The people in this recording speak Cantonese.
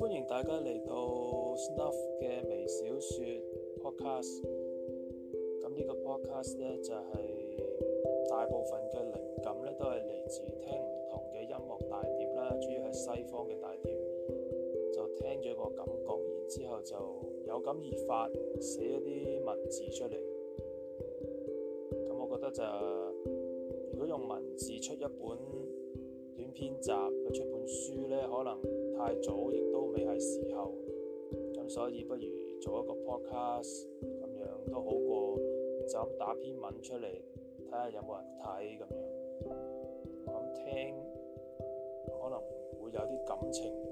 歡迎大家嚟到 Snuff 嘅微小說 podcast。咁 pod 呢個 podcast 咧，就係、是、大部分嘅靈感咧，都係嚟自聽唔同嘅音樂大碟啦，主要係西方嘅大碟，就聽咗個感覺，然之後就有感而發寫一啲文字出嚟。咁我覺得就如果用文字出一本短篇集，出本書咧，可能太早，亦都。時候咁，所以不如做一個 podcast 咁樣，都好過就咁打篇文出嚟，睇下有冇人睇咁樣，我咁聽可能會有啲感情。